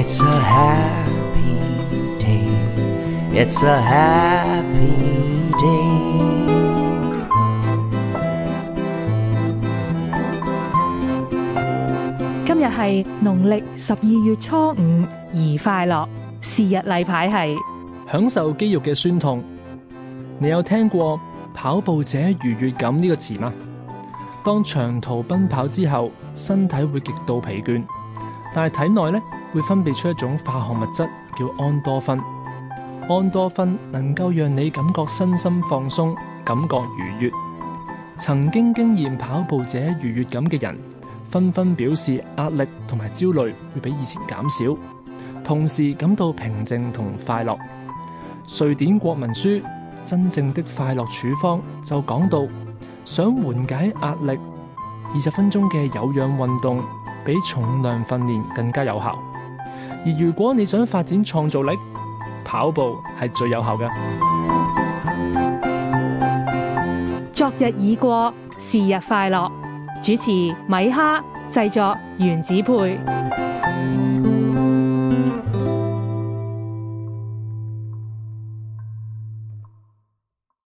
It's a happy day. It's a happy day. 今日係農曆十二月初五，宜快樂。是日例牌係享受肌肉嘅酸痛。你有聽過跑步者愉悦感呢個詞嗎？當長途奔跑之後，身體會極度疲倦，但係體內咧會分泌出一種化學物質叫安多酚。安多酚能夠讓你感覺身心放鬆，感覺愉悅。曾經經驗跑步者愉悅感嘅人，紛紛表示壓力同埋焦慮會比以前減少，同時感到平靜同快樂。瑞典國民書真正的快樂處方就講到。想緩解壓力，二十分鐘嘅有氧運動比重量訓練更加有效。而如果你想發展創造力，跑步係最有效嘅。昨日已過，是日快樂。主持米哈，製作原子配。